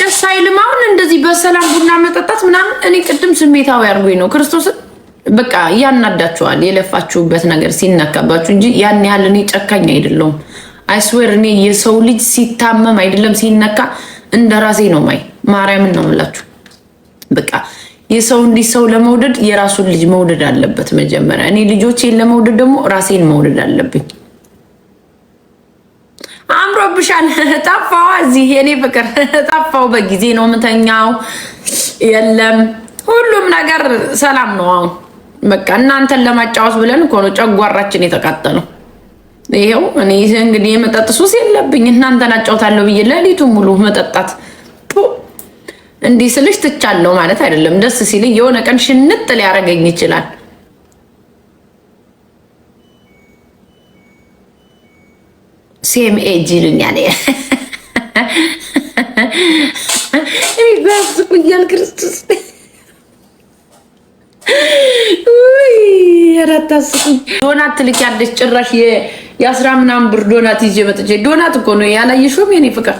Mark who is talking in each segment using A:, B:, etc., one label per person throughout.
A: ደስ አይልም። አሁን እንደዚህ በሰላም ቡና መጠጣት ምናምን እኔ ቅድም ስሜታዊ አድርጎኝ ነው ክርስቶስን በቃ ያናዳችኋል፣ የለፋችሁበት ነገር ሲነካባችሁ እንጂ ያን ያህል እኔ ጨካኝ አይደለሁም። አይስዌር እኔ የሰው ልጅ ሲታመም አይደለም ሲነካ እንደ ራሴ ነው ማይ ማርያምን ነው ምላችሁ። በቃ የሰው እንዲህ ሰው ለመውደድ የራሱን ልጅ መውደድ አለበት መጀመሪያ። እኔ ልጆቼን ለመውደድ ደግሞ ራሴን መውደድ አለብኝ። ይልሻል። ጠፋዋ እዚህ የኔ ፍቅር ጠፋው። በጊዜ ነው ምተኛው የለም ሁሉም ነገር ሰላም ነው። አሁን በቃ እናንተን ለማጫወት ብለን እኮ ነው ጨጓራችን የተቃጠለው። ይሄው እኔ እንግዲህ የመጠጥ ሱስ የለብኝ እናንተን አጫውታለሁ ብዬ ለሊቱ ሙሉ መጠጣት እንዲህ ስልሽ ትቻለሁ ማለት አይደለም። ደስ ሲልኝ የሆነ ቀን ሽንጥ ሊያረገኝ ይችላል። ሴም ኤጅ ይሉኛል። ዛዝቁኛል ክርስቶስ አታስቁኝ። ዶናት ትልኪያለሽ ጭራሽ የአስራ ምናምን ብር ዶናት ይዤ መጥቼ ዶናት እኮ ነው ያላየሽውም የኔ ፍቅር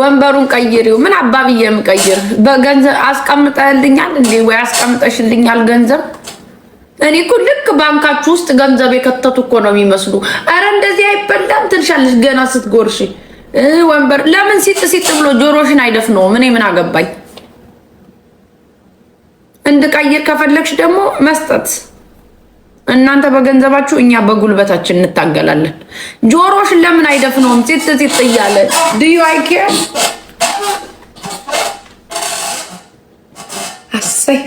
A: ወንበሩን ቀይሪው። ምን አባብዬ የምቀይር በገንዘብ አስቀምጠልኛል እንዴ ወይ አስቀምጠሽልኛል ገንዘብ እኔ እኮ ልክ ባንካችሁ ውስጥ ገንዘብ የከተቱ እኮ ነው የሚመስሉ። አረ እንደዚህ አይበላም ትልሻለሽ ገና ስትጎርሽ ወንበር። ለምን ሲጥ ሲጥ ብሎ ጆሮሽን አይደፍነውም? እኔ ምን አገባኝ። እንድቀይር ከፈለግሽ ደግሞ መስጠት እናንተ በገንዘባችሁ እኛ በጉልበታችን እንታገላለን። ጆሮሽን ለምን አይደፍነውም? ሲጥ ሲጥ እያለ ድዩ አይኬ አሰይ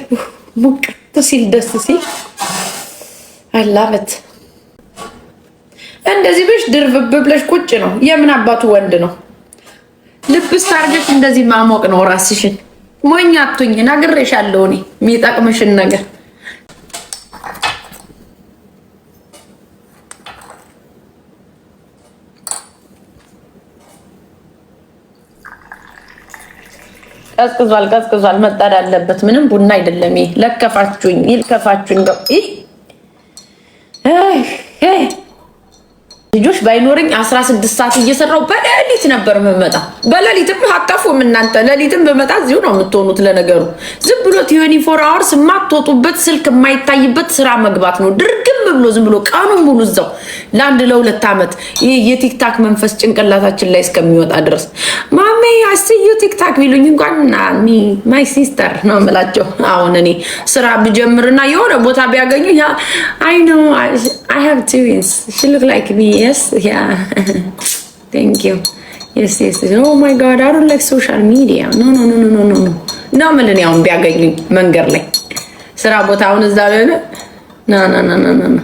A: ሙቀት ሲል ደስ ሲል አላበት እንደዚህ ብሽ ድርብብ ብለሽ ቁጭ ነው። የምን አባቱ ወንድ ነው? ልብስ ታርገሽ እንደዚህ ማሞቅ ነው ራስሽን። ሞኝ አትሁኝ፣ ነግሬሻለሁ። እኔ የሚጠቅምሽን ነገር ቀዝቅዟል፣ ቀዝቅዟል መጣድ አለበት። ምንም ቡና አይደለም ይሄ። ለከፋችሁኝ፣ ይልከፋችሁኝ ይህ ልጆች ባይኖረኝ አስራ ስድስት ሰዓት እየሰራው በሌሊት ነበር የምመጣ። በሌሊትም አጠፉም እናንተ። ሌሊትም በመጣ እዚሁ ነው የምትሆኑት። ለነገሩ ዝም ብሎ ትዌንቲ ፎር አወርስ የማትወጡበት ስልክ የማይታይበት ስራ መግባት ነው። ድርግም ብሎ ዝም ብሎ ቀኑን ሙሉ እዛው ለአንድ ለሁለት ዓመት ይህ የቲክታክ መንፈስ ጭንቅላታችን ላይ እስከሚወጣ ድረስ ሀይ አስዩ ቲክታክ ቢሉኝ እንኳን ማይ ሲስተር ነው የምላቸው። አሁን እኔ ስራ ብጀምርና የሆነ ቦታ ቢያገኙ አይ ነው አይ ሃቭ ቱ ሺ ሉክ ላይክ ሚ የስ ያ ቴንክ ዩ የስ የስ ኦ ማይ ጋድ አይ ዶንት ላይክ ሶሻል ሚዲያ ኖ ኖ ኖ ኖ ኖ ኖ ነው የምልህ። አሁን ቢያገኙኝ መንገድ ላይ ስራ ቦታ አሁን እዛ ቢሆነ ና ና ና ና ና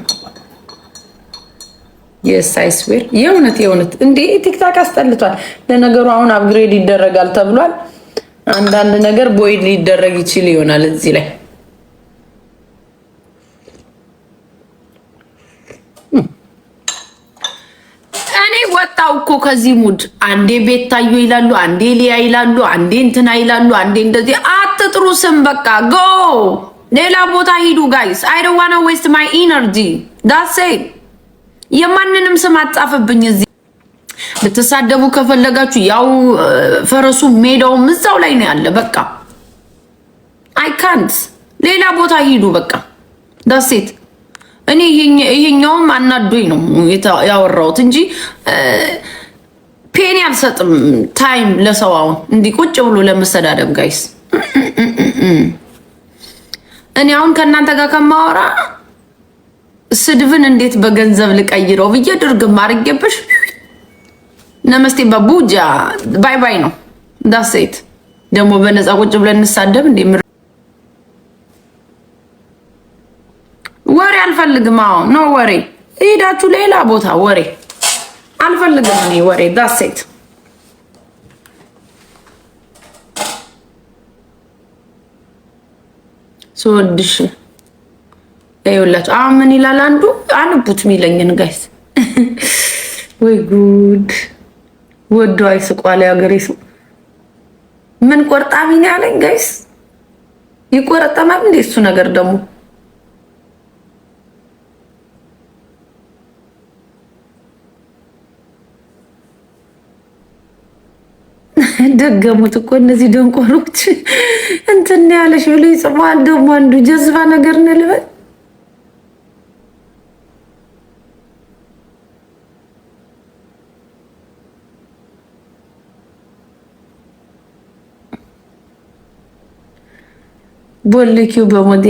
A: የሳይስዌር የእውነት የእውነት እንዴ ቲክታክ አስጠልቷል። ለነገሩ አሁን አፕግሬድ ይደረጋል ተብሏል። አንዳንድ ነገር ቦይድ ሊደረግ ይችል ይሆናል እዚህ ላይ እኔ ወጣው እኮ ከዚህ ሙድ። አንዴ ቤት ታዩ ይላሉ፣ አንዴ ሊያ ይላሉ፣ አንዴ እንትና ይላሉ፣ አንዴ እንደዚህ። አትጥሩ ስም በቃ ጎ ሌላ ቦታ ሂዱ ጋይስ። አይ ዶንት ዋና ዌስት ማይ ኢነርጂ ዳሴ የማንንም ስም አጻፈብኝ። እዚህ ልትሳደቡ ከፈለጋችሁ ያው ፈረሱ ሜዳውም እዛው ላይ ነው ያለ። በቃ አይ ካንት ሌላ ቦታ ሂዱ። በቃ ዳሴት እኔ ይሄኛውም አናዶኝ ነው ያወራሁት እንጂ ፔን አልሰጥም ታይም ለሰው አሁን እንዲህ ቁጭ ብሎ ለመሰዳደብ ጋይስ። እኔ አሁን ከእናንተ ጋር ከማወራ ስድብን እንዴት በገንዘብ ልቀይረው ብዬ ድርግ አድርጌብሽ ነመስቴ በቡጃ ባይ ባይ ነው። ዳሴት ደግሞ በነፃ ቁጭ ብለን እንሳደብ እንዴ? ወሬ አልፈልግም። አዎ ኖ ወሬ ሄዳችሁ ሌላ ቦታ ወሬ አልፈልግም እኔ ወሬ ዳሴት ስወድሽ ይኸውላችሁ አሁን ምን ይላል አንዱ አንቡት የሚለኝን ጋይስ ወይ ጉድ ወዶ አይስቋል ያገሬ ሰው ምን ቆርጣሚ ነው ያለኝ ጋይስ ይቆረጠማል እንዴ እሱ ነገር ደግሞ ደገሙት እኮ እነዚህ ደንቆሮች እንትን ያለሽ ብሎ ይጽፈዋል ደግሞ አንዱ ጀዝባ ነገር ነው ቦልኪው በሞቴ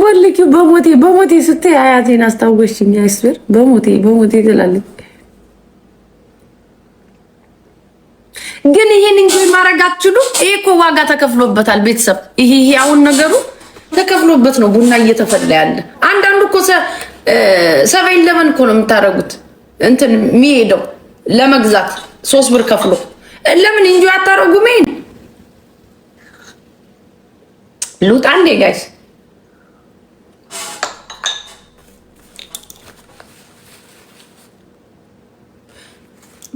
A: ቦልኪው በሞቴ በሞቴ ስትይ አያቴን አስታወስሽኝ። አይስበር በሞቴ በሞቴ ትላለች። ግን ይሄን እንጂ ማድረግ አትችሉም። ይሄ እኮ ዋጋ ተከፍሎበታል። ቤተሰብ ይሄ ይሄ አሁን ነገሩ ተከፍሎበት ነው ቡና እየተፈላ ያለ። አንዳንዱ እኮ ሰበይን ለመን እኮ ነው የምታደርጉት እንትን የሚሄደው ለመግዛት ሶስት ብር ከፍሎ ለምን እንጂ አታደርጉም? ሉጣ እንዴ ጋይስ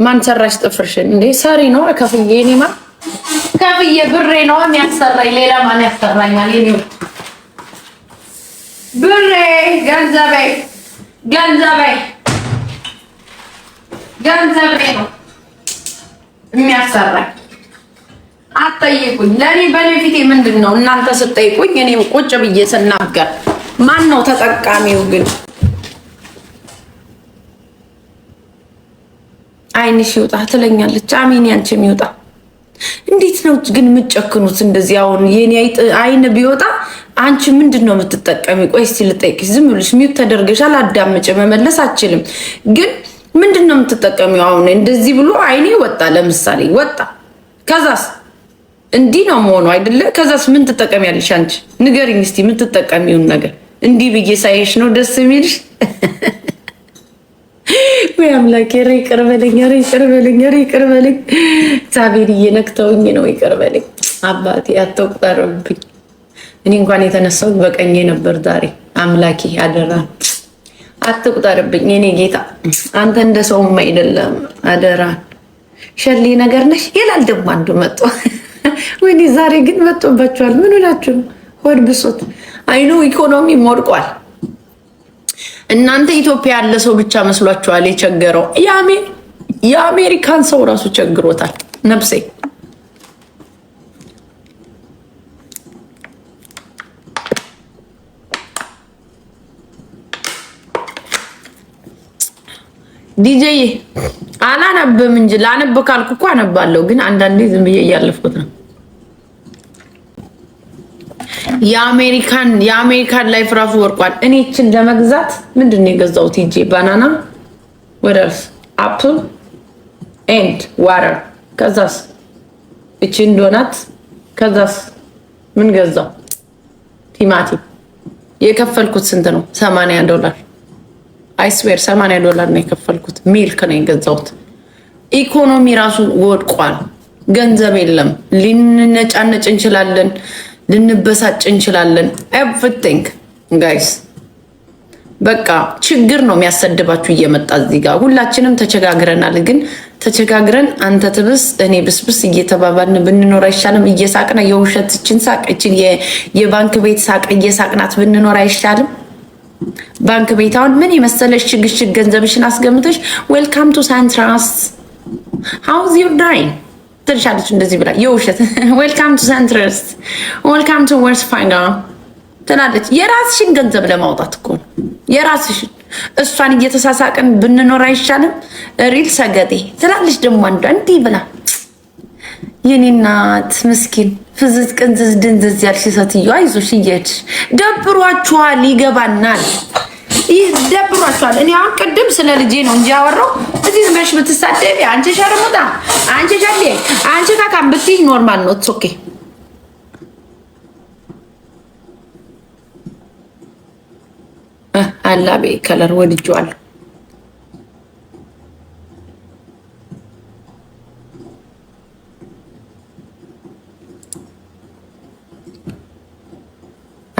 A: ማን ሰራሽ ጥፍርሽን? እንዴ ሰሪ ነው ከፍዬ፣ እኔማ ከፍዬ ብሬ ነው የሚያሰራኝ። ሌላ ማን ያሰራኛል? የኔ ብሬ ገንዘቤ ገንዘቤ ገንዘቤ ነው የሚያሰራኝ። አትጠይቁኝ። ለእኔ በኔፊቴ ምንድን ነው እናንተ ስጠይቁኝ፣ እኔም ቁጭ ብዬ ስናገር ማን ነው ተጠቃሚው ግን? አይንሽ ይውጣ ትለኛለች። አሜን ያንቺም ይውጣ። እንዴት ነው ግን የምትጨክኑት እንደዚህ? አሁን የኔ አይን ቢወጣ አንቺ ምንድን ነው የምትጠቀሚ? ቆይ እስኪ ልጠይቅሽ። ዝም ብለሽ ሚውት ተደርገሻል፣ አዳምጪ። መመለስ አችልም ግን ምንድን ነው የምትጠቀሚው? አሁን እንደዚህ ብሎ አይኔ ወጣ፣ ለምሳሌ ወጣ፣ ከዛስ እንዲህ ነው መሆኑ አይደለ? ከዛስ ምን ትጠቀሚያለሽ አንቺ? ንገሪኝ እስኪ ምን ትጠቀሚውን ነገር እንዲህ ብዬ ሳይሽ ነው ደስ የሚልሽ? ወይ አምላኬ፣ ኧረ ይቅር በለኝ፣ ኧረ ይቅር በለኝ፣ ኧረ ይቅር በለኝ። እግዚአብሔር እየነክተውኝ ነው። ይቅር በለኝ አባቴ፣ አትቁጠርብኝ። እኔ እንኳን የተነሳሁት በቀኜ ነበር ዛሬ። አምላኬ አደራ አትቁጠርብኝ። እኔ ጌታ፣ አንተ እንደ ሰውም አይደለም። አደራ ሸሌ ነገር ነሽ ይላል ደግሞ አንዱ መጥቶ ወይኔ ዛሬ ግን መጥቶባቸዋል። ምን ሆናችሁ? ሆድ ብሶት አይኑ ኢኮኖሚ ሞድቋል። እናንተ ኢትዮጵያ ያለ ሰው ብቻ መስሏችኋል የቸገረው? የአሜሪካን ሰው ራሱ ቸግሮታል ነብሴ ዲጄ አላነብም እንጂ ላነብ ካልኩ እኮ አነባለሁ፣ ግን አንዳንዴ ዝም ብዬ እያለፍኩት ነው። የአሜሪካን የአሜሪካን ላይፍ ራሱ ወርቋል። እኔ ለመግዛት ምንድን ነው የገዛሁት? ባናና ወደርስ አፕል ኤንድ ዋተር ከዛስ እቺን ዶናት ከዛስ ምን ገዛው? ቲማቲም የከፈልኩት ስንት ነው? ሰማንያ ዶላር አይስዌር 80 ዶላር ነው የከፈልኩት። ሚልክ ነው የገዛሁት። ኢኮኖሚ ራሱ ወድቋል። ገንዘብ የለም። ልንነጫነጭ እንችላለን፣ ልንበሳጭ እንችላለን። ኤቭሪቲንግ ጋይስ በቃ ችግር ነው የሚያሰድባችሁ እየመጣ እዚህ ጋር ሁላችንም ተቸጋግረናል። ግን ተቸጋግረን አንተ ትብስ እኔ ብስብስ እየተባባልን ብንኖር አይሻልም? እየሳቅና የውሸትችን ሳቅ እችን የባንክ ቤት ሳቅ እየሳቅናት ብንኖር አይሻልም? ባንክ ቤት አሁን ምን የመሰለች ችግሽግ ገንዘብሽን አስገምተሽ ዌልካም ቱ ሳንትራስ ሃውዝ ዩር ዳይ ትልሻለች። እንደዚህ ብላ የውሸት ዌልካም ቱ ሳንትራስ ዌልካም ቱ ወርስ ፋይና ትላለች። የራስሽን ገንዘብ ለማውጣት እኮ የራስሽን እሷን እየተሳሳቅን ብንኖር አይሻልም? ሪል ሰገጤ ትላለች ደግሞ አንዷ እንዲህ ብላ የኔናት ምስኪን ፍዝዝ ቅንዝዝ ድንዝዝ ያልሽ ሴትዮ አይዞሽ፣ እየሄድሽ ደብሯችኋል፣ ይገባናል። ይህ ደብሯችኋል። እኔ አሁን ቅድም ስለ ልጄ ነው እንጂ ያወራው እዚህ ዝም ብለሽ ብትሳደቢ አንቺ ሸርሙጣ፣ አንቺ ሸሌ፣ አንቺ ካካም ብትይ ኖርማል ነው። ኦኬ አላቤ ከለር ወድጄዋለሁ።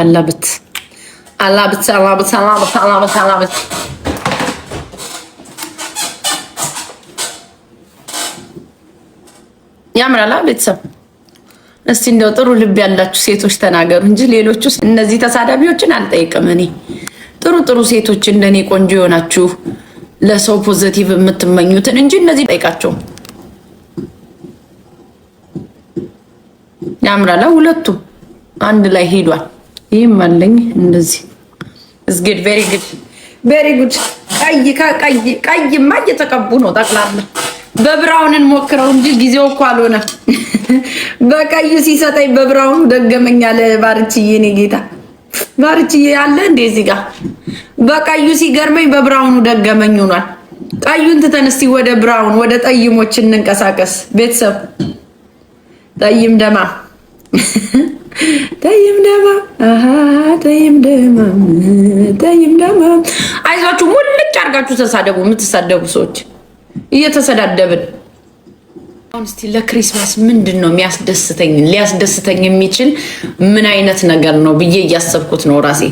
A: I love it. I love it. I love it. I love it. I love it. I love it. ያምራላ ቤተሰብ እስቲ እንደው ጥሩ ልብ ያላችሁ ሴቶች ተናገሩ እንጂ ሌሎች እነዚህ ተሳዳቢዎችን አልጠይቅም። እኔ ጥሩ ጥሩ ሴቶች እንደኔ ቆንጆ የሆናችሁ ለሰው ፖዘቲቭ የምትመኙትን እንጂ እነዚህ ጠይቃቸው። ያምራላ ሁለቱም አንድ ላይ ሄዷል። ይህም አለኝ እንደዚህ እዝጌድ ቬሪ ጉድ ቬሪ ጉድ። ቀይ ከቀይ ቀይማ እየተቀቡ ነው ጠቅላላ። በብራውንን ሞክረው እንጂ ጊዜው እኮ አልሆነ። በቀዩ ሲሰጠኝ በብራውኑ ደገመኝ አለ ባርችዬ። እኔ ጌታ ባርችዬ ያለ እንዴ እዚህ ጋር በቀዩ ሲገርመኝ በብራውኑ ደገመኝ ሆኗል። ቀዩን ትተን እስቲ ወደ ብራውን ወደ ጠይሞች እንንቀሳቀስ ቤተሰብ ጠይም ደማ ጠይም ደማ ጠይም ደማ ጠይም ደማ። አይዟችሁ ሙልጭ አድርጋችሁ ተሳደቡ። የምትሳደቡ ሰዎች እየተሰዳደብን አሁን እስቲ ለክሪስማስ ምንድን ነው የሚያስደስተኝ ሊያስደስተኝ የሚችል ምን አይነት ነገር ነው ብዬ እያሰብኩት ነው ራሴ